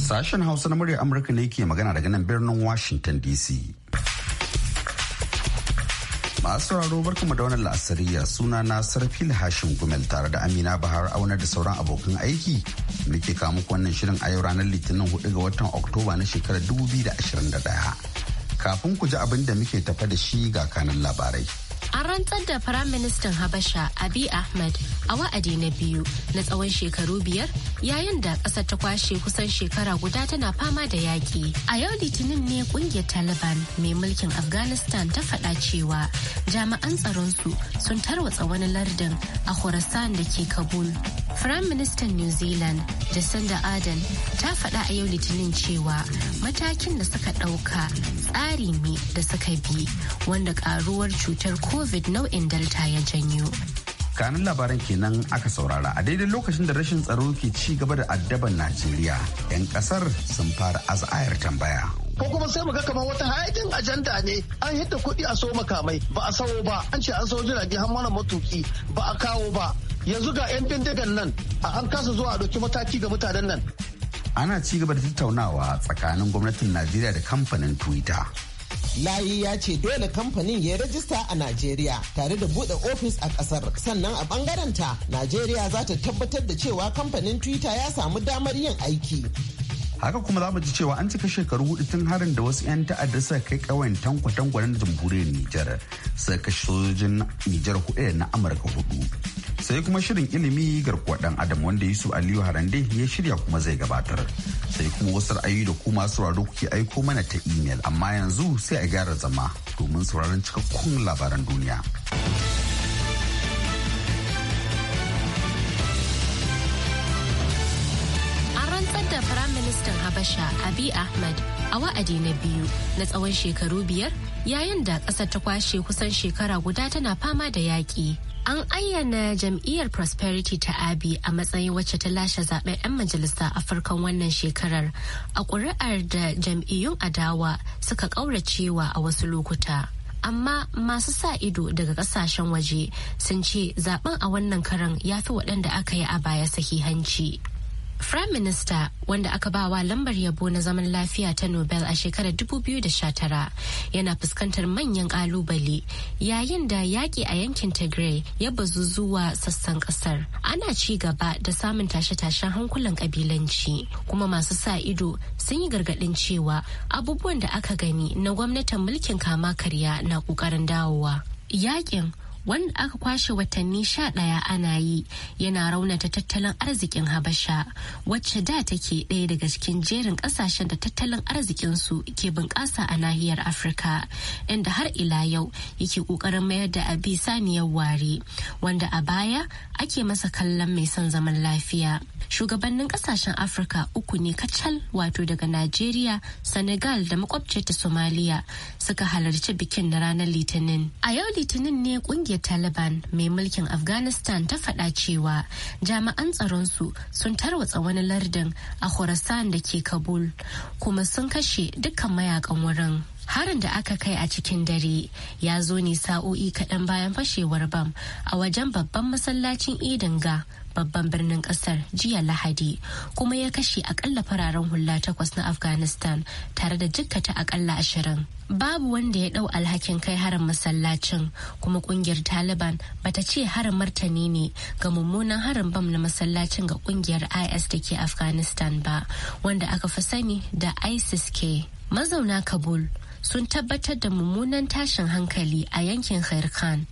Sashen Hausa na muryar Amurka ne ke magana daga nan birnin Washington DC. Masu sauraro barkama da wannan la'asariya suna na sarfi Hashim Gumel tare da Amina Bahar Auna da sauran abokan aiki muke kamu wannan shirin a yau ranar Litinin 4 ga watan Oktoba na shekarar 2021. Kafin ku ji abin da muke tafa da shi ga kanan labarai. An rantsar da Firaministan Habasha abi Ahmed a wa'adi na biyu na tsawon shekaru biyar yayin da ƙasar ta kwashe kusan shekara guda tana fama da yaƙi. A yau Litinin ne ƙungiyar Taliban mai mulkin Afghanistan ta faɗa cewa jami'an tsaron su sun tarwatsa wani lardin a Khorasan da ke Kabul. Firaministan New Zealand Jacinda Ardern ta faɗa a yau Litinin cewa matakin da suka ɗauka tsari ne da suka bi wanda karuwar cutar covid nau'in delta ya janyo kanun labaran kenan aka saurara a daidai lokacin da rashin tsaro ke ci gaba da addaban najeriya 'yan kasar sun fara az'ayar tambaya ko kuma sai mu ga kamar wata hayakin ajanda ne an hidda kuɗi a so makamai ba a sawo ba an ce an sawo jirage har mana matuki ba a kawo ba yanzu ga 'yan bindigan nan an kasa zuwa a ɗauki mataki ga mutanen nan ana ci gaba da tattaunawa tsakanin gwamnatin najeriya da kamfanin twitter layi ya ce dole kamfanin ya rajista a najeriya tare da bude ofis a kasar sannan a bangaren ta najeriya za ta tabbatar da cewa kamfanin twitter ya samu damar yin aiki haka kuma za mu ji cewa an cika shekaru hudu tun harin da wasu 'yan ta'adda suka kai ƙauyen tankwa-tankwa na jamhuriyar nijar suka kashe sojojin nijar hudu na amurka hudu sai kuma shirin ilimi garkuwa dan adam wanda yusuf aliyu harande ya shirya kuma zai gabatar sai kuma wasu ra'ayi da kuma sauraro kuke aiko mana ta imel amma yanzu sai a gyara zama domin sauraron cikakkun labaran duniya. ministan habasha abi ahmad a wa'adi na biyu na tsawon shekaru biyar yayin da ƙasar ta kwashe kusan shekara guda tana fama da yaƙi an ayyana jam'iyyar prosperity ta abi a matsayin wacce ta lashe zaɓen 'yan majalisa a farkon wannan shekarar a ƙuri'ar da jam'iyyun adawa suka ƙauracewa a wasu lokuta amma masu sa ido daga kasashen waje sun ce zaben a wannan karan ya fi waɗanda aka yi a baya sahihanci Prime Minister wanda aka ba wa lambar yabo na zaman lafiya ta Nobel a shekarar 2019 yana fuskantar manyan kalubale yayin da yaƙi a yankin Tigray ya bazu zuwa sassan ƙasar. Ana ci gaba da samun tashe-tashen hankulan ƙabilanci kuma masu sa ido sun yi gargaɗin cewa abubuwan da aka gani na gwamnatin mulkin kama karya na ƙoƙarin dawowa. Yaƙin wanda aka kwashe watanni sha ɗaya ana yi yana raunata tattalin arzikin habasha wacce da take ɗaya daga cikin jerin ƙasashen da tattalin arzikinsu ke bunƙasa a nahiyar afirka inda har ila yau yake ƙoƙarin mayar da abi saniyar ware wanda a baya ake masa kallon mai son zaman lafiya shugabannin ƙasashen afirka uku ne kacal wato daga najeriya senegal da makwabciyar ta somaliya suka halarci bikin na ranar litinin a yau litinin ne kungiyar Taliban mai mulkin Afghanistan ta faɗa cewa jami'an su sun tarwatsa wani lardin a Khorasan da ke Kabul kuma sun kashe dukkan mayakan wurin. harin da aka kai a cikin dare ya zo ne sa'o'i kaɗan bayan fashewar bam a wajen babban masallacin idin ga babban birnin kasar jiya lahadi kuma ya kashe akalla fararen hula takwas na afghanistan tare da jikkata akalla ashirin babu wanda ya ɗau alhakin kai harin masallacin kuma ƙungiyar taliban bata ce harin martani ne ga mummunan harin bam na masallacin ga ƙungiyar is da ke afghanistan ba wanda aka fi sani da isis ke mazauna kabul sun tabbatar da mummunan tashin hankali a yankin Khair Khan.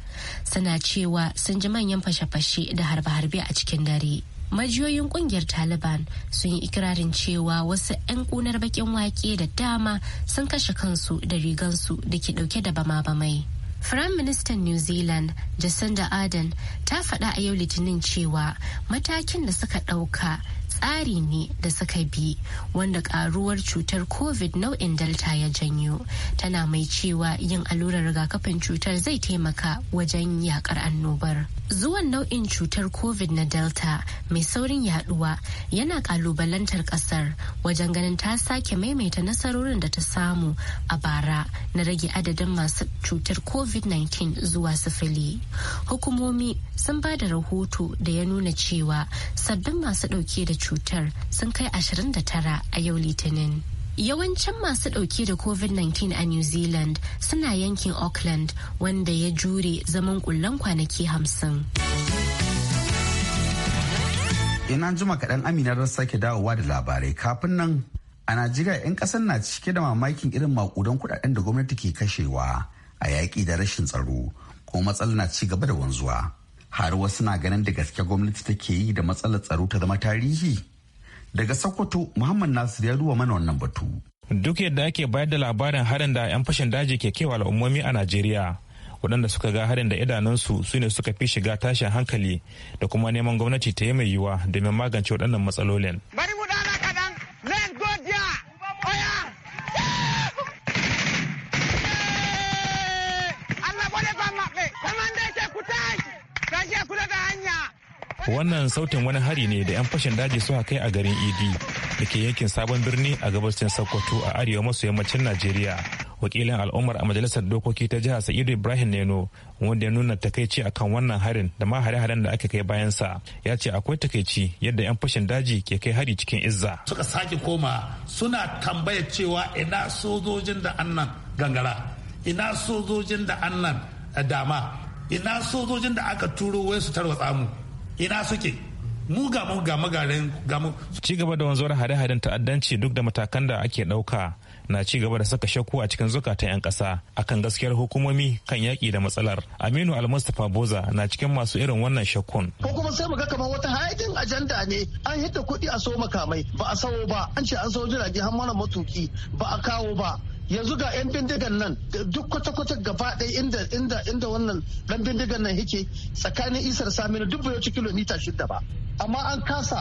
Suna cewa sun ji manyan fashe-fashe da harbe-harbe a cikin dare. majiyoyin kungiyar taliban sun yi ikirarin cewa wasu 'yan kunar bakin wake da dama sun kashe kansu da rigansu da ke dauke da bama-bamai Firayim Ministan New Zealand Jacinda Ardern ta faɗa a yau Litinin cewa matakin da suka ɗauka tsari ne da suka bi wanda karuwar cutar covid nau'in delta ya janyo tana mai cewa yin allurar rigakafin cutar zai taimaka wajen yakar annobar zuwan nau'in cutar covid na delta mai saurin yaduwa yana kalubalantar kasar wajen ganin ta sake maimaita nasarorin da ta samu a bara na rage adadin masu cutar covid-19 zuwa sifili hukumomi sun ba da rahoto da ya nuna cewa sabbin masu dauke da cutar sun kai 29 a yau litinin. Yawancin masu ɗauke da COVID-19 a New Zealand suna yankin Auckland wanda ya jure zaman ƙullan kwanaki hamsin. Ina jima kaɗan Amina don sake dawowa da labarai kafin nan a Najeriya 'yan ƙasar na cike da mamakin irin maƙudan kuɗaɗen da gwamnati ke kashewa a yaƙi da rashin tsaro ko matsala na ci gaba da wanzuwa. har wasu na ganin da gaske gwamnati take yi da matsalar tsaro ta zama tarihi daga sokoto muhammad nasir ya ruwa mana wannan batu duk yadda ake bayar da labarin harin da 'yan fashin daji ke kewa al'ummomi a najeriya waɗanda suka ga harin da idanunsu su ne suka fi shiga tashin hankali da kuma neman gwamnati ta yi mai yiwuwa domin magance waɗannan matsalolin. Bari wannan sautin wani hari ne da 'yan fashin daji suka kai a garin idi da ke yankin sabon birni a gabashin sokoto a arewa maso yammacin najeriya wakilin al'ummar a majalisar dokoki ta jihar sa'idu ibrahim neno wanda ya nuna takaici a kan wannan harin da ma hare-haren da aka kai bayansa ya ce akwai takaici yadda 'yan fashin daji ke kai hari cikin izza suka sake koma suna tambaya cewa ina sojojin da annan gangara ina sojojin da annan eh, dama ina sojojin da aka turo wai su tarwatsa mu ina suke mu ga mu ga magarin ga ci gaba da wanzuwar hade haden ta'addanci duk da matakan da ake ɗauka na ci gaba da saka shakku a cikin zukatan 'yan ƙasa akan gaskiyar hukumomi kan yaƙi da matsalar aminu almustapha boza na cikin masu irin wannan shakkun ko kuma sai mu ga kamar wata hayakin ajanda ne an hita kuɗi a so makamai ba a sawo ba an ce an sawo jirage har mana matuki ba a kawo ba yanzu ga 'yan bindigan nan duk kwata-kwata gaba ɗaya inda inda inda wannan ɗan bindigan nan yake tsakanin isar saminu duk bai kilomita shida ba amma an kasa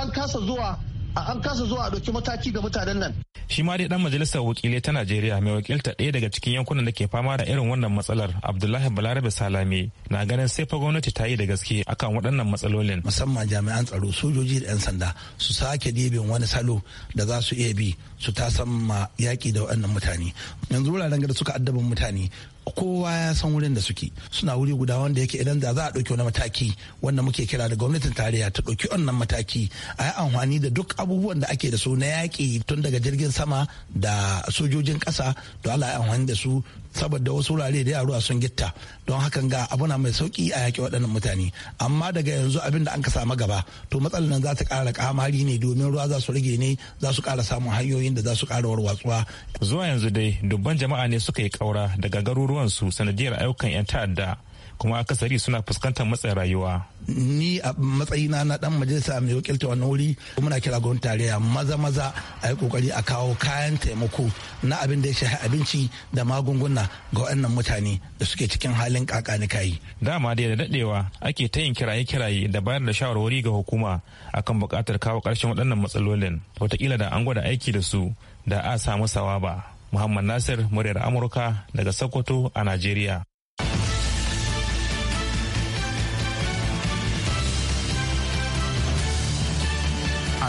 an kasa zuwa an kasa zuwa a ɗauki mataki ga mutanen nan. Shi ma dai ɗan majalisar wakilai ta Najeriya mai wakilta ɗaya daga cikin yankunan da ke fama da irin wannan matsalar Abdullahi Balarabe salami na ganin sai fa gwamnati ta yi da gaske akan waɗannan matsalolin. Musamman jami'an tsaro sojoji da 'yan sanda su sake dibin wani salo da za su iya bi su ta san ma yaƙi da waɗannan mutane yanzu wuraren da suka addaban mutane kowa ya san wurin da suke suna wuri guda wanda yake idan da za a ɗauki wani mataki wanda muke kira da gwamnatin tarayya ta ɗauki wannan mataki a yi amfani da duk abubuwan da ake da su na yaƙi tun daga jirgin sama da sojojin ƙasa da ala yi amfani da su saboda wasu wurare da yaruwa sun gitta don hakan ga abu na mai sauki a yaƙi waɗannan mutane amma daga yanzu abin da an ka samu gaba to matsalar nan za ta ƙara kamari ne domin ruwa za su rage ne za su ƙara samun hanyoyi hanyoyin da za su ƙara warwatsuwa. Zuwa yanzu dai dubban jama'a ne suka yi ƙaura daga garuruwansu sanadiyar ayyukan 'yan ta'adda kuma akasari suna fuskantar matsin rayuwa ni a matsayina na dan majalisa mai wakilta wannan wuri muna kira gwamnati tarayya maza maza a yi kokari a kawo kayan taimako na abin da ya shafi abinci da magunguna ga waɗannan mutane da suke cikin halin kakani kayi dama da dadewa ake ta yin kiraye kiraye da bayar da shawarwari ga hukuma akan buƙatar kawo ƙarshen waɗannan matsalolin wataƙila da an gwada aiki da su da a samu sawa ba muhammad nasir muryar amurka daga sokoto a najeriya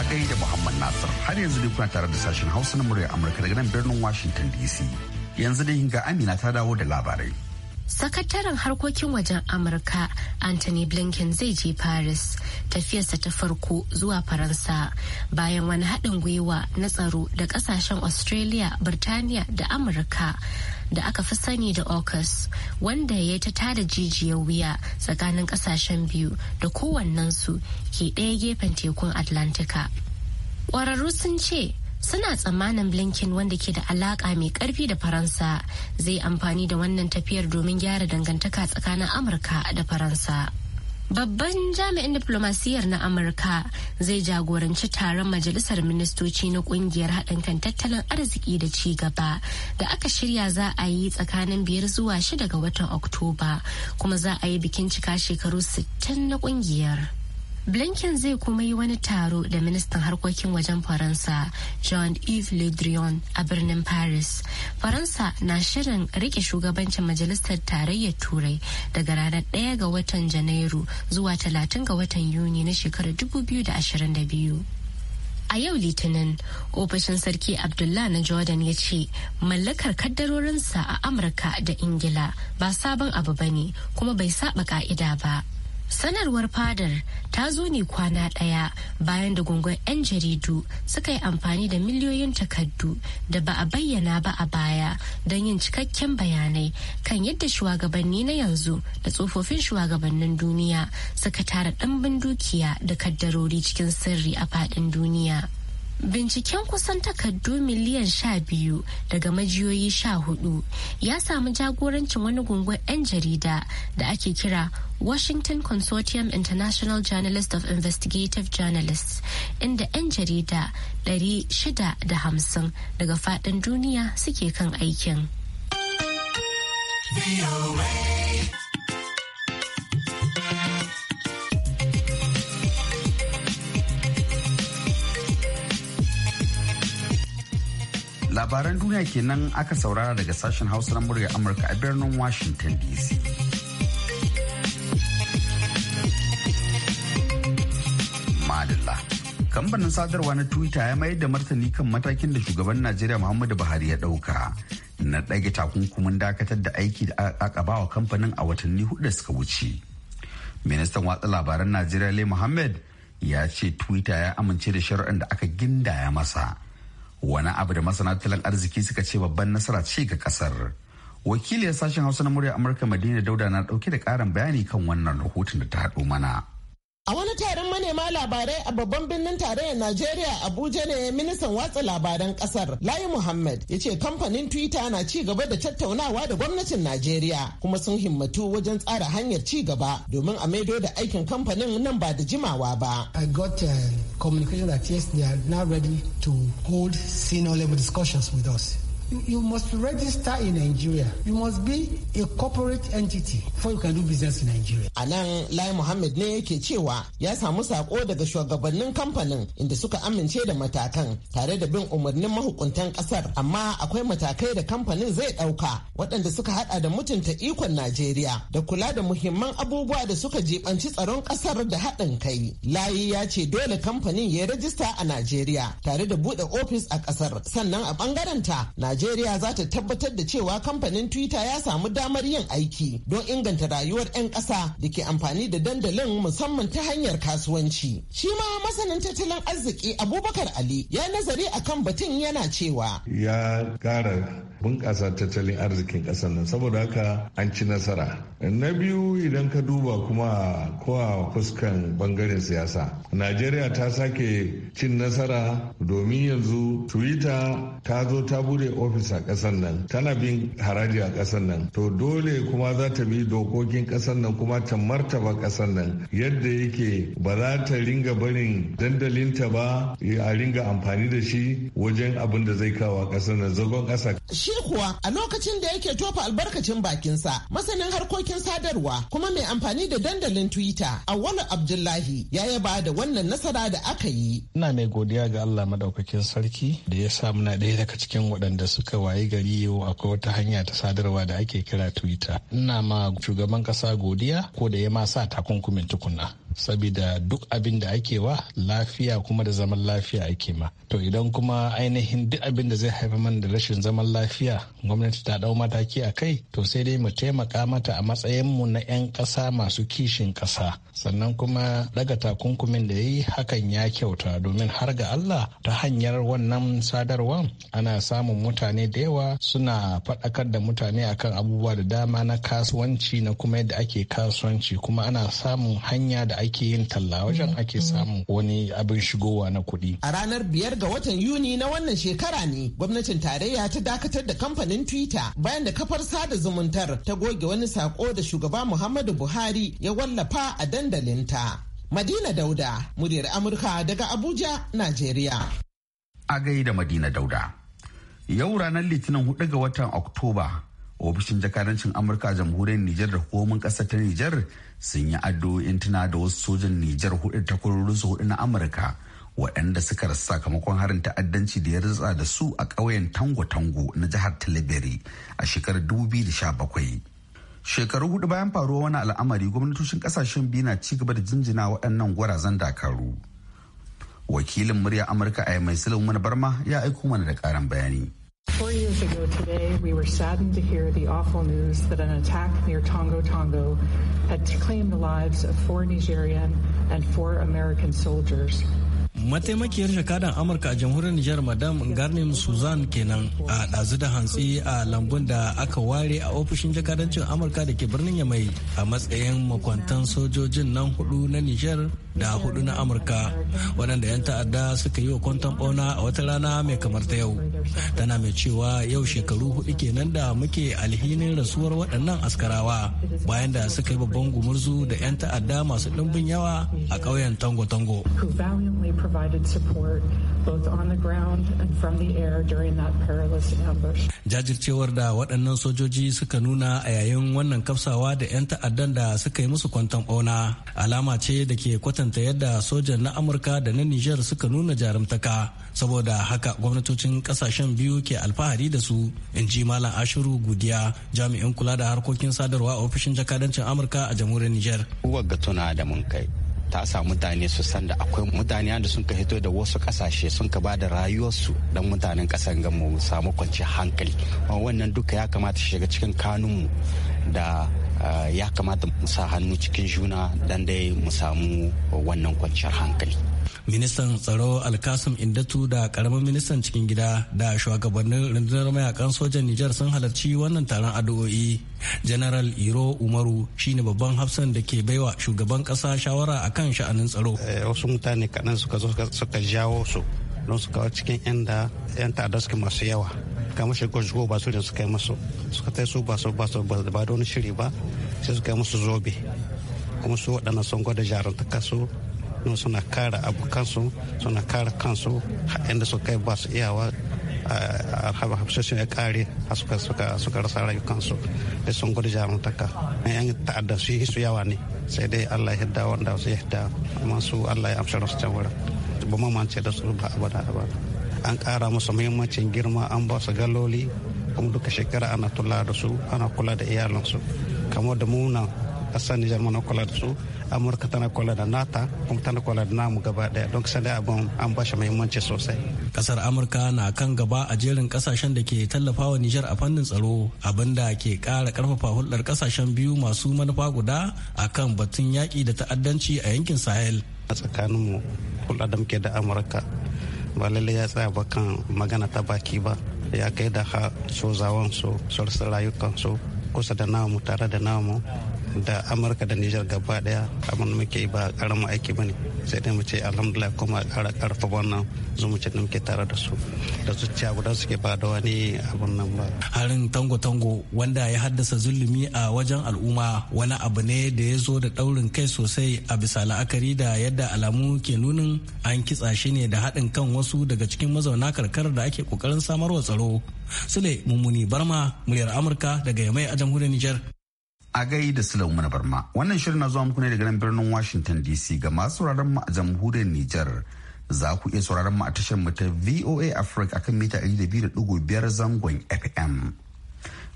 kai da Muhammad Nasir. Har yanzu dai kuna tare da sashen Hausa na murya Amurka daga nan birnin Washington DC. Yanzu dai ga Amina ta dawo da labarai. Sakataren harkokin wajen Amurka Anthony Blinken zai je Paris tafiyarsa ta farko zuwa Faransa bayan wani haɗin gwiwa na tsaro da ƙasashen Australia, Birtaniya da Amurka da aka fi sani da AUKUS wanda ya ta tada jijiyar wuya tsakanin kasashen biyu da kowannensu ke ɗaya gefen tekun Atlantika. Ƙwararru sun ce suna tsammanin blinken wanda ke da alaƙa mai ƙarfi da faransa zai amfani da wannan tafiyar domin gyara dangantaka tsakanin amurka da faransa. Babban jami'in diplomasiyyar na Amurka zai jagoranci taron majalisar ministoci na kungiyar haɗin kan tattalin arziki da ci gaba da aka shirya za a yi tsakanin biyar zuwa shida ga watan Oktoba kuma za a yi bikin cika shekaru 60 na kungiyar. blinken zai kuma yi wani taro da ministan harkokin wajen faransa john yves le drian a birnin paris faransa na shirin rike shugabancin majalisar tarayyar turai daga ranar 1 ga watan janairu zuwa 30 ga watan yuni na shekarar 2022 A yau Litinin, ofishin Sarki Abdullah na Jordan ya ce mallakar kaddarorinsa a Amurka da Ingila ba sabon abu ba ne kuma bai saba ka'ida ba. sanarwar fadar ta zo ne kwana ɗaya bayan da gungun 'yan jaridu suka yi amfani da miliyoyin takardu da ba a bayyana ba a baya don yin cikakken bayanai kan yadda shugabanni na yanzu da tsofaffin shugabannin duniya suka tara ɗimbin dukiya da kaddarori cikin sirri a faɗin duniya. Binciken kusan takardu miliyan sha biyu daga majiyoyi sha hudu ya samu jagorancin wani gungun 'yan jarida da ake kira Washington Consortium International Journalist of Investigative Journalists inda 'yan jarida shida da hamsin daga faɗin duniya suke kan aikin. labaran duniya kenan aka saurara daga sashen hausa na murya amurka a birnin washington dc madalla kamfanin sadarwa na twitter ya mayar da martani kan matakin da shugaban najeriya muhammadu buhari ya dauka na ɗage takunkumin dakatar da aiki da aka bawa kamfanin a watanni hudu da suka wuce ministan watsa labaran najeriya le muhammad ya ce twitter ya amince da shari'ar da aka gindaya masa wani abu da masana tattalin arziki suka ce babban nasara ce ga kasar wakiliyar sashen hausa na murya amurka madina dauda na dauke da karin bayani kan wannan rahoton da ta haɗo mana A wani taron manema labarai a babban birnin tarayyar Najeriya Abuja ne ministan watsa labaran kasar Layi Muhammad ya ce kamfanin Twitter na ci gaba da tattaunawa da gwamnatin Najeriya kuma sun himmatu wajen tsara hanyar ci gaba domin a maido da aikin kamfanin nan ba da jimawa ba. I got uh, communication that yes they are now ready to hold senior level discussions with us. you, must register in Nigeria. You must be a corporate entity before you can do business in Nigeria. A nan Lai Muhammad ne yake cewa ya samu sako daga shugabannin kamfanin inda suka amince da matakan tare da bin umarnin mahukuntan kasar amma akwai matakai da kamfanin zai dauka waɗanda suka hada da mutunta ikon Najeriya da kula da muhimman abubuwa da suka jibanci tsaron kasar da haɗin kai. Layi ya ce dole kamfanin ya rajista a Najeriya tare da buɗe ofis a kasar sannan a ɓangaren ta Najeriya za ta tabbatar da cewa kamfanin Twitter ya samu damar yin aiki don inganta rayuwar 'yan ƙasa da ke amfani da dandalin musamman ta hanyar kasuwanci. Shi ma masanin tattalin arziki Abubakar Ali ya nazari akan batun yana cewa. Ya ƙara bunƙasa tattalin arzikin ƙasar nan saboda haka an ci nasara. Na biyu idan ka duba kuma kowa fuskan bangaren siyasa. Najeriya ta sake cin nasara domin yanzu Twitter ta zo ta bude ofis a ƙasar nan tana bin haraji a ƙasar nan to dole kuma za ta bi dokokin kasar nan kuma ta martaba kasar nan yadda yake ba za ta ringa barin dandalinta ba a ringa amfani da shi wajen abin da zai kawo ƙasar nan zagon kasa Shi kuwa a lokacin da yake tofa albarkacin bakinsa masanin harkokin sadarwa kuma mai amfani da dandalin Twitter Auwalu Abdullahi ya ba da wannan nasara da aka yi. Ina mai godiya ga Allah madaukakin sarki da ya sa muna ɗaya daga cikin waɗanda suka wayi gari yau akwai wata hanya ta sadarwa da ake kira twitter ina ma shugaban kasa godiya ko da ya ma sa takunkumin tukunna saboda duk abin da ake wa lafiya kuma da zaman lafiya ake ma to idan kuma ainihin duk abin da zai haifar mana da rashin zaman lafiya gwamnati ta dau mataki a kai to sai dai mu taimaka mata a matsayin mu na 'yan ƙasa masu kishin ƙasa sannan kuma daga takunkumin da ya yi hakan ya kyauta domin har ga Allah ta hanyar wannan sadarwa ana samun mutane da yawa suna faɗakar da mutane akan abubuwa da dama na kasuwanci na kuma yadda ake kasuwanci kuma ana samun hanya da ake ake yin talla wajen ake mm-hmm. samun wani abin shigowa na kuɗi. A ranar biyar ga watan Yuni na wannan shekara ne gwamnatin tarayya ta dakatar da kamfanin Twitter bayan da kafar sada zumuntar ta goge wani sako da shugaba Muhammadu Buhari ya wallafa a dandalinta. Madina Dauda, muryar Amurka daga Abuja, Najeriya. A gaida Madina Dauda. Yau ranar Litinin 4 ga watan Oktoba ofishin jakadancin amurka jamhuriyar nijar da hukumomin ƙasa ta nijar sun yi addu'o'in tuna da wasu sojan nijar hudu takwarorinsu hudu na amurka waɗanda suka rasa sakamakon harin ta'addanci da ya rutsa da su a ƙauyen tango-tango na jihar talibiri a shekarar da bakwai. shekaru hudu bayan faruwa wani al'amari gwamnatocin kasashen biyu na ci gaba da jinjina waɗannan gwarazan dakaru wakilin murya amurka a mai silin wani barma ya aiko mana da ƙarin bayani Four years ago today, we were saddened to hear the awful news that an attack near Tongo Tongo had claimed the lives of four Nigerian and four American soldiers. mataimakiyar jakadan amurka a jamhuriyar nijar madam garnim suzan kenan a ɗazu da hantsi a lambun da aka ware a ofishin jakadancin amurka da ke birnin yamai a matsayin makwantan sojojin nan hudu na nijar da hudu na amurka waɗanda 'yan ta'adda suka yi wa kwanton bauna a wata rana mai kamar ta yau tana mai cewa yau shekaru hudu kenan da muke alhinin rasuwar waɗannan askarawa bayan da suka yi babban gumurzu da 'yan ta'adda masu ɗumbin yawa a ƙauyen tango-tango both on the and from the air during that perilous ambush. Jajircewar da waɗannan sojoji suka nuna a yayin wannan kafsawa da 'yan ta'addan da suka yi musu kwanton ɓauna alama ce da ke kwatanta yadda sojan na Amurka da na Nijar suka nuna jarumtaka saboda haka gwamnatocin ƙasashen biyu ke alfahari da su in ji Malam Ashiru Gudiya jami'in kula da harkokin sadarwa a ofishin jakadancin Amurka a jamhuriyar Nijar. Uwar ga tuna da mun kai ta sa mutane su san da akwai mutane da sun ka hito da wasu kasashe sun ka ba da rayuwarsu don mutanen kasan mu samu kwanciyar hankali wannan duka ya kamata shiga cikin kanunmu da Eh, ya kamata mu sa hannu cikin juna dan dai mu samu wannan kwanciyar hankali ministan tsaro alkasim indatu da karamin ministan cikin gida da shugabannin rundunar mayakan sojan nijar sun halarci wannan taron addu'o'i general iro umaru shine babban hafsan da ke baiwa shugaban kasa shawara akan sha'anin tsaro eh, wasu mutane kaɗan suka zo suka jawo su don su kawo cikin inda yan ta'adda suke masu yawa kamar shigo shigo ba su da suka yi musu suka ta su ba su ba su ba da wani shiri ba sai suka yi musu zobe kuma su waɗannan sun gwada jarumtaka su don suna abu abokansu suna kara kansu inda su kai ba su iyawa a hafsashin ya kare suka suka suka rasa rayukansu da sun gudu jarumtaka yan ta'adda su yi su yawa ne sai dai allah ya hidda wanda su ya hidda amma su allah ya amsa su can wurin ba mamance da su ba abada abada an kara musu muhimmancin girma an ba su galoli kuma duka shekara ana tula da su ana kula da iyalansu kamar da muna ƙasar nijar mana kula da su amurka tana kula da nata kuma tana kula da namu gaba daya don kusan da abin an bashi muhimmanci sosai kasar amurka na kan gaba a jerin kasashen da ke tallafawa nijar a fannin tsaro abinda ke kara karfafa hulɗar kasashen biyu masu manufa guda akan batun yaki da ta'addanci a yankin sahel a tsakaninmu hulɗa da muke da amurka ba lallai ya tsaya ba kan magana ta baki ba ya kai da ha sozawan su rayukan su kusa da namu tare da namu da amurka da nijar gaba daya abin muke ba karama aiki bane sai dai mu ce alhamdulillah kuma kara karfa wannan zumuncin da muke tare da su da ciya guda suke ba da wani abin nan ba harin tango tango wanda ya haddasa zulumi a wajen al'umma wani abu ne da ya zo da daurin kai sosai a bisa la'akari da yadda alamu ke nunin an kitsa shi ne da haɗin kan wasu daga cikin mazauna karkarar da ake kokarin samarwa tsaro sule mummuni barma muryar amurka daga yamai a jamhuriyar nijar a gai da Sula mana Barma. Wannan shirin na zuwa muku ne daga nan birnin Washington DC ga masu sauraron mu a jamhuriyar Nijar. Za ku iya sauraron mu a tashar mu ta VOA Africa akan mita 200.5 zangon FM.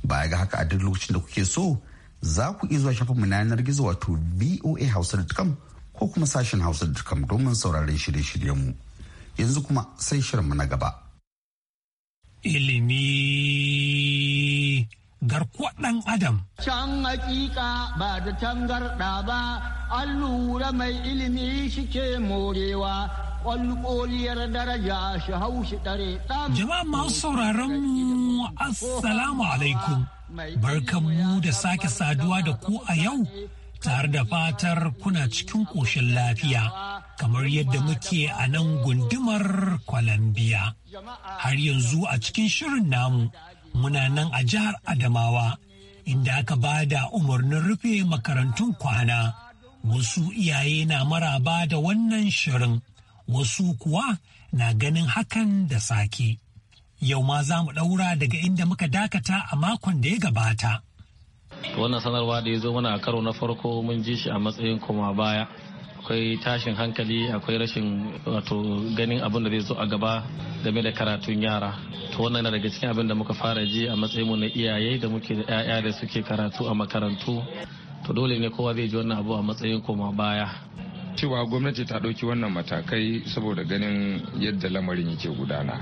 Baya ga haka a duk lokacin da kuke so za ku iya zuwa shafin mu na yanar gizo wato Hausa voahausa.com ko kuma sashen hausa.com domin sauraron shirye-shiryen mu. Yanzu kuma sai shirin mu na gaba. Ilimi garkuwar ɗan adam. Can hakika ba da tangarɗa ba, an lura mai ilimi shi ke morewa, ƙwalƙoliyar daraja shi hau shi ɗare ɗan. Jama'a masu sauraron mu, Assalamu alaikum. Barkan mu da sake saduwa da ku a yau, tare da fatar kuna cikin ƙoshin lafiya. kamar yadda muke a nan gundumar kwalambiya Har yanzu a cikin shirin namu muna nan a jihar Adamawa inda aka ba da umarnin rufe makarantun kwana. Wasu iyaye na maraba da wannan shirin, wasu kuwa na ganin hakan da sake. Yau ma za mu ɗaura daga inda muka dakata a makon da ya gabata. Wannan sanarwa da ya zo mana a karo na farko mun ji shi a matsayin koma baya. akwai tashin hankali akwai rashin wato ganin abin da zai zo a gaba game da karatun yara to wannan na daga cikin abin da muka fara ji a matsayin mu na iyaye da muke da 'ya'ya da suke karatu a makarantu to dole ne kowa zai ji wannan abu a matsayin koma baya cewa gwamnati ta ɗauki wannan matakai saboda ganin yadda lamarin yake gudana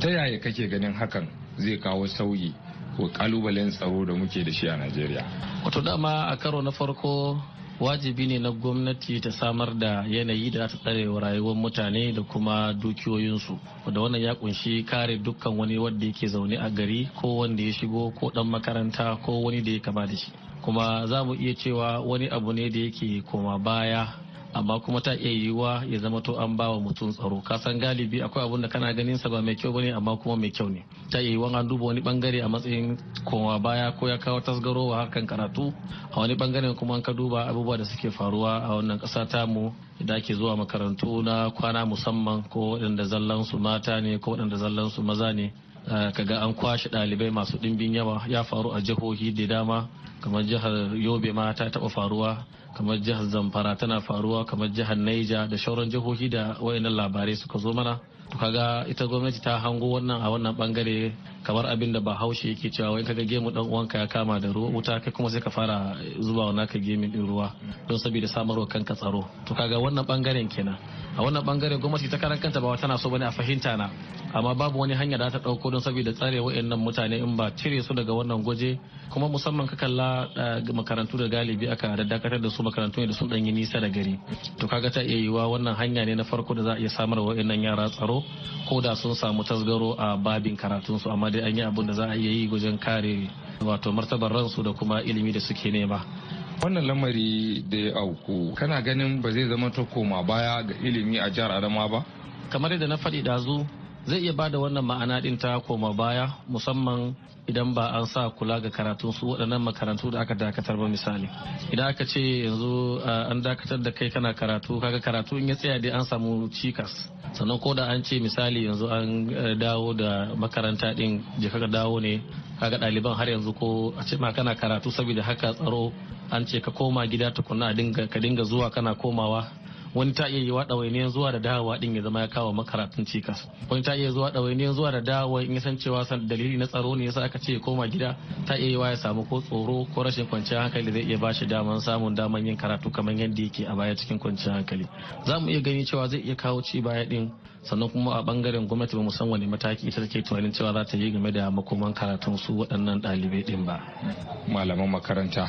ta yaya kake ganin hakan zai kawo sauyi ko kalubalen tsaro da muke da shi a najeriya wato dama a karo na farko wajibi ne na gwamnati ta samar da yanayi da ta tsare rayuwar mutane da kuma dukiyoyinsu da wannan ya kunshi kare dukkan wani wanda yake zaune a gari ko wanda ya shigo ko dan makaranta ko wani da ya kama da shi kuma za mu iya cewa wani abu ne da yake koma baya amma kuma ta iya yiwuwa ya zama to an bawa mutum tsaro kasan galibi akwai abun da kana ganin sa ba mai kyau bane amma kuma mai kyau ne ta iya yiwuwa an duba wani bangare a matsayin kowa baya ko ya kawo tasgaro wa harkan karatu a wani bangaren kuma an ka duba abubuwa da suke faruwa a wannan kasa mu da ake zuwa makarantu na kwana musamman ko waɗanda zallan su mata ne ko waɗanda zallan su maza ne Eh, kaga an kwashe dalibai masu ɗimbin yawa ya faru a jihohi da dama kamar jihar yobe ma ta taɓa faruwa kamar jihar zamfara tana faruwa kamar jihar naija da shauran jihohi da wayannan labarai suka zo mana kaga ita gwamnati ta hango wannan a wannan bangare kamar abin da bahaushe yake cewa wai kaga gemu dan uwanka ya kama da ruwa wuta kai kuma sai ka fara zuba wa naka gemin din ruwa don saboda samarwa kanka tsaro to kaga wannan bangaren kenan a wannan bangare gwamnati ta karan kanta ba tana so bane a fahimta na amma babu wani hanya da ta dauko don saboda tsare wayannan mutane in ba cire su daga wannan gwaje kuma musamman ka kalla eh, makarantu da galibi aka dakatar da su makarantu ne da sun danyi nisa da gari to kaga ta iya yiwa wannan hanya ne na farko da za a iya samar wa yara tsaro Koda ko da sun samu tasgaro a babin karatunsu amma dai an yi abin da za a iya yi wajen kare wato martabar ransu da kuma ilimi da suke nema wannan lamari da ya auku kana ganin ba zai zama ta koma baya ga ilimi a jihar adama ba kamar yadda na faɗi ɗazu zai iya bada wannan ma'ana din ta koma baya musamman idan ba an sa kula ga karatun su waɗannan makarantu da aka dakatar ba misali idan aka ce yanzu an dakatar da kai kana karatu kaga karatu in ya tsaya dai an samu cikas sannan ko da an ce misali yanzu an eh, dawo da makaranta din je ka dawo ne kaga ɗaliban har yanzu ko a ce ma kana karatu saboda haka tsaro an ce ka koma gida tukunna ka dinga zuwa kana komawa wani ta iya yi wa ɗawainiyar zuwa da dawowa din ya zama ya kawo makaratun cikas wani ta iya zuwa ɗawainiyar zuwa da dawowa in ya san cewa san dalili na tsaro ne yasa aka ce ya koma gida ta iya yi wa ya samu ko tsoro ko rashin kwanciyar hankali zai iya ba shi daman samun daman yin karatu kamar yadda yake a baya cikin kwanciyar hankali za mu iya gani cewa zai iya kawo ci baya din sannan kuma a bangaren gwamnati ba san wani mataki ita take tunanin cewa za ta yi game da makoman karatun su waɗannan ɗalibai ɗin ba malaman makaranta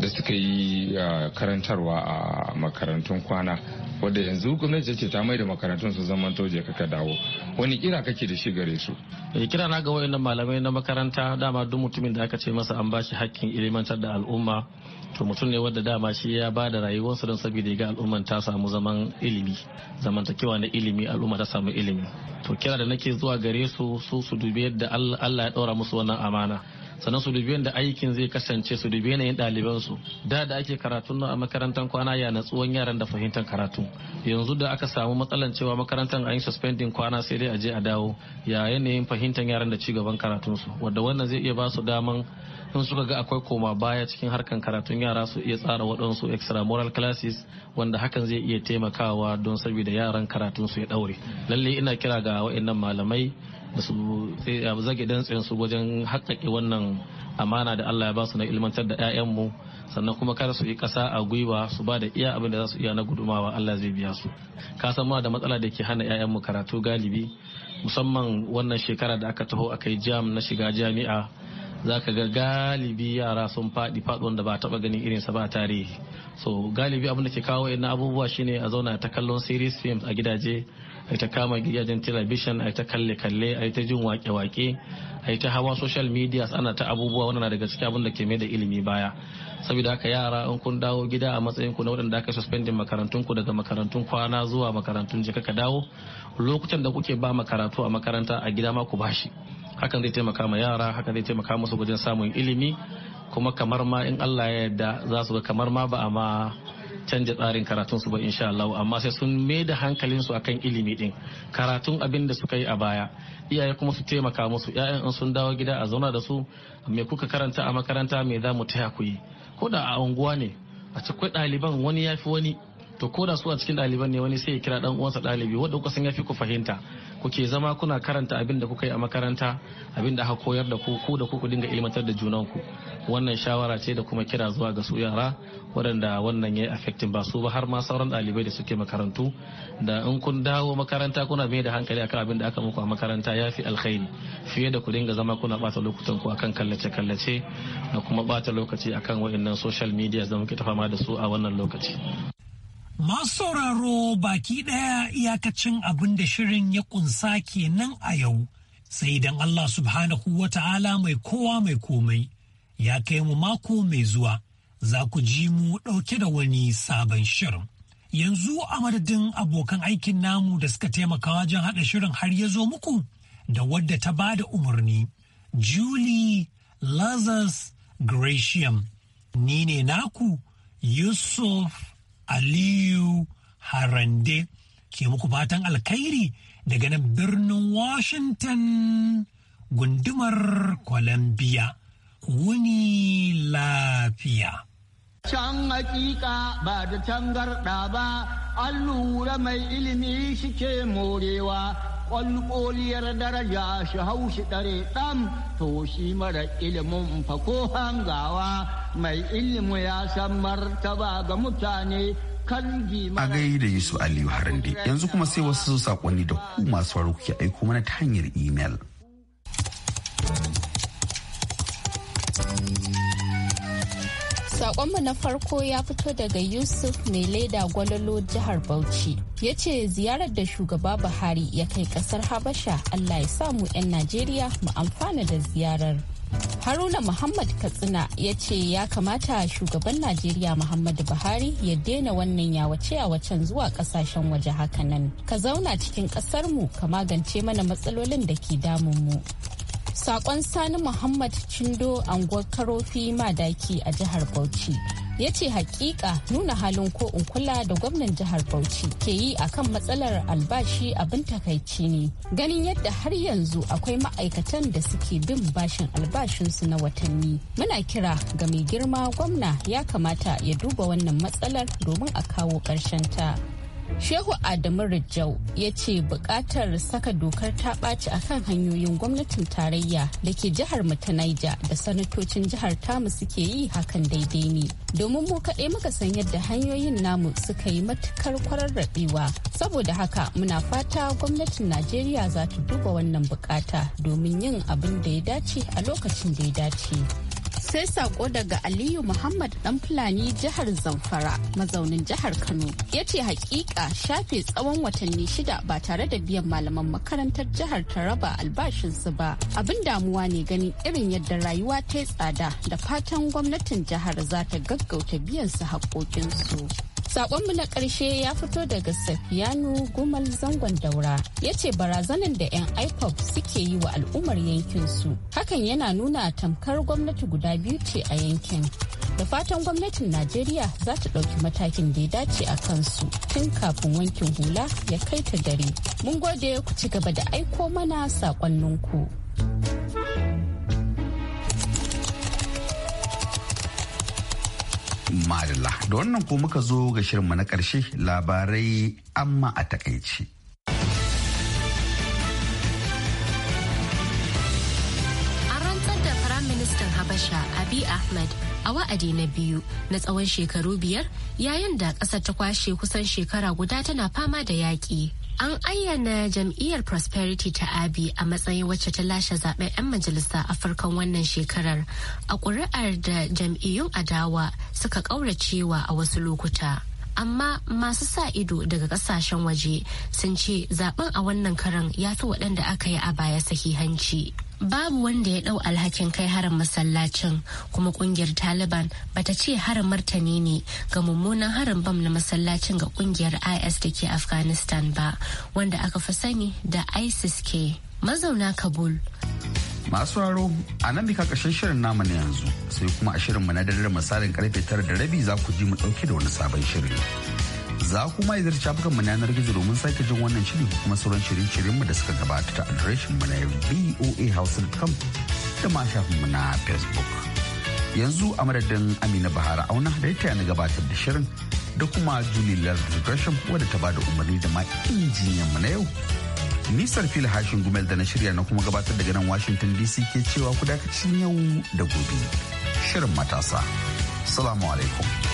da suka yi eh, karantarwa a makarantun kwana wadda yanzu gwamnati ce ta mai da makarantun su zaman toje kaka dawo wani kira kake da shi gare su eh kira na ga wayannan malamai na makaranta dama duk mutumin da aka ce masa an bashi hakkin ilimantar da al'umma to mutum ne wanda dama shi ya ba da rayuwarsa don saboda ga al'umman ta samu zaman ilimi zamantakewa na ilimi al'umma ta samu ilimi to kira da nake zuwa gare su su su dubi yadda Allah ya daura musu wannan amana sannan su dubi da aikin zai kasance su dubi yanayin ɗaliban su da da ake karatun nan a makarantar kwana ya natsuwan yaran da fahimtar karatu yanzu da aka samu matsalan cewa makarantar an yi suspending kwana sai dai a je a dawo ya yanayin fahimtar yaran da ci gaban karatun su wanda wannan zai iya ba daman in suka ga akwai koma baya cikin harkan karatun yara su iya tsara waɗansu extra moral classes wanda hakan zai iya taimakawa don saboda yaran karatun su ya ɗaure lalle ina kira ga wa'annan malamai da su eh, zage dantsen su wajen haƙaƙe wannan amana da Allah ya ba su na ilmantar da 'ya'yanmu sannan kuma kar su yi ƙasa a gwiwa su ba da iya abin da za su iya na gudumawa Allah zai biya su ka san ma da matsala da ke hana 'ya'yanmu karatu galibi musamman wannan shekara da aka taho aka yi jam na shiga jami'a za ka ga galibi yara sun faɗi faɗuwan da ba taɓa ganin irinsa ba tarihi so galibi abin da ke kawo na abubuwa shine a zauna ta kallon series films a gidaje a ta kama gidajen talabijin a ta kalle-kalle a ta jin wake-wake a ta hawa social media ana ta abubuwa wannan daga cikin abin da ke mai da ilimi baya saboda haka yara in kun dawo gida a matsayin ku na waɗanda aka suspendin makarantun ku daga makarantun kwana zuwa makarantun jika ka dawo lokutan da kuke ba makaratu a makaranta a gida ma ku bashi hakan zai taimaka ma yara hakan zai taimaka musu wajen samun ilimi kuma kamar ma in Allah ya yarda za su ga kamar ma ba a ma canja tsarin karatun su ba insha Allah amma sai sun mai da hankalin su akan ilimi din karatun abin da suka yi a baya iyaye kuma su taimaka musu ƴaƴan in sun dawo gida a zauna da su me kuka karanta a makaranta me za mu taya ku yi ko da a unguwa ne a cikin ɗaliban wani ya fi wani to ko da su a cikin ɗaliban ne wani sai ya kira ɗan uwansa ɗalibi wanda kuka san ya fi ku fahimta kuke zama kuna karanta abin da kuka yi a makaranta abin da aka koyar da ku ku da ku dinga ilmantar da ku wannan shawara ce da kuma kira zuwa ga su yara waɗanda wannan ya yi affecting ba su ba har ma sauran ɗalibai da suke makarantu da in kun dawo makaranta kuna mai da hankali akan abin da aka muku a makaranta ya fi alkhairi fiye da ku dinga zama kuna bata lokutan ku akan kallace-kallace da kuma bata lokaci akan waɗannan social media da muke ta fama da su a wannan lokaci. Masu sauraro baki ɗaya iyakacin abin da shirin ya ƙunsa nan a yau, sai idan Allah subhanahu wa ta'ala mai kowa mai komai ya kai mu mako mai zuwa, za ku ji mu ɗauke da wani sabon shirin. Yanzu a madadin abokan aikin namu da suka taimaka wajen haɗa shirin har ya zo muku da wadda ta ba da umarni, Julie Lazarus Gratiam, ni ne naku Yusuf Aliyu Harande ke muku fatan alkhairi daga nan birnin Washington gundumar Columbia. Wuni lafiya. Can hakika ba da tangarɗa ba, an lura mai ilimi shi ke morewa ƙwalƙoliyar daraja shi haushi ɗare ɗan to shi mara ilimin fa ko hangawa mai ilimi ya san martaba ga mutane a gai da Yusuf Aliyu Harande yanzu kuma sai wasu sakonni da ku masu faru kuke aiko mana ta hanyar imel. Sakonmu na farko ya fito daga Yusuf mai leda gwalolo jihar Bauchi. Ya ce ziyarar da shugaba Buhari ya kai kasar Habasha Allah ya samu 'yan Najeriya mu amfana da ziyarar. Haruna Muhammad Katsina ya ce ya kamata shugaban Najeriya Muhammadu Buhari ya daina wannan yawace a wacan zuwa kasashen waje hakanan. Ka zauna cikin mu ka magance mana matsalolin da ke damunmu. Sakon Sani Muhammad Cindo anguwar Karofi Madaki a jihar Bauchi. ya ce hakika nuna halin ko in kula da gwamnan jihar bauchi ke yi akan matsalar albashi abin takaici ne ganin yadda har yanzu akwai ma'aikatan da suke bin bashin albashinsu na watanni muna kira ga mai girma gwamna ya kamata ya duba wannan matsalar domin a kawo ƙarshen ta Shehu Adamu Rijau ya ce bukatar saka dokar ta ɓaci a kan hanyoyin gwamnatin tarayya da ke jihar mu ta da sanatocin jihar tamu suke yi hakan daidai ne. Domin mu kaɗai muka san yadda hanyoyin namu suka yi matukar kwararrabewa. Saboda haka muna fata gwamnatin Najeriya za ta duba wannan bukata domin yin abin da ya dace a lokacin da ya dace. sai sako daga aliyu muhammad dan fulani jihar zamfara mazaunin jihar kano ya ce hakika shafe tsawon watanni shida ba tare da biyan malaman makarantar jihar taraba albashinsu ba abin damuwa ne ganin irin yadda rayuwa ta yi tsada da fatan gwamnatin jihar za ta gaggauta biyan su haƙoƙinsu Sakonmu na ƙarshe ya fito daga Safiyanu Gumal Zangon Daura ya ce barazanin da 'yan IPOP suke yi wa al'ummar yankin su Hakan yana nuna tamkar gwamnati guda biyu ce a yankin. Da fatan gwamnatin Najeriya za ta ɗauki matakin da ya dace a kansu tun kafin wankin hula ya kai ta dare. Mun gode ku ci gaba da aiko mana sakonninku. Madalla. Da wannan ko muka zo ga shirinmu na ƙarshe labarai amma a takaici. An rantsar da Firaministan Habasha Ahmed a wa'adi na biyu na tsawon shekaru biyar yayin da ƙasar ta kwashe kusan shekara guda tana fama da yaƙi. an ayyana jam'iyyar prosperity ta abi a matsayin wacce ta lashe zaben 'yan majalisa a farkon wannan shekarar a ƙuri'ar da jam'iyyun adawa suka ƙauracewa a wasu lokuta amma masu sa ido daga kasashen waje sun ce zaben a wannan karan ya fi waɗanda aka yi a baya sahihanci. babu wanda ya ɗau alhakin kai harin masallacin kuma kungiyar taliban bata ce harin martani ne ga mummunan harin bam na masallacin ga kungiyar is da ke afghanistan ba wanda aka fi sani da isis ke mazauna kabul masu raro a nan bi ƙarshen shirin namu na yanzu sai kuma a shirinmu na dare misalin karfe tara da rabi za ku ji mu ɗauke da wani sabon shirin za kuma izar shafukan mu yanar gizo domin sake jin wannan shiri kuma sauran shirye-shiryen mu da suka gabata ta adireshin mu na voahouse.com da ma shafin mu na facebook yanzu a madadin amina bahara auna da taya na gabatar da shirin da kuma julie lardis gresham wadda ta bada umarni da ma injiniyan mu na yau nisar fil hashin gumel da na shirya na kuma gabatar daga nan washington dc ke cewa ku dakacin yau da gobe shirin matasa salamu alaikum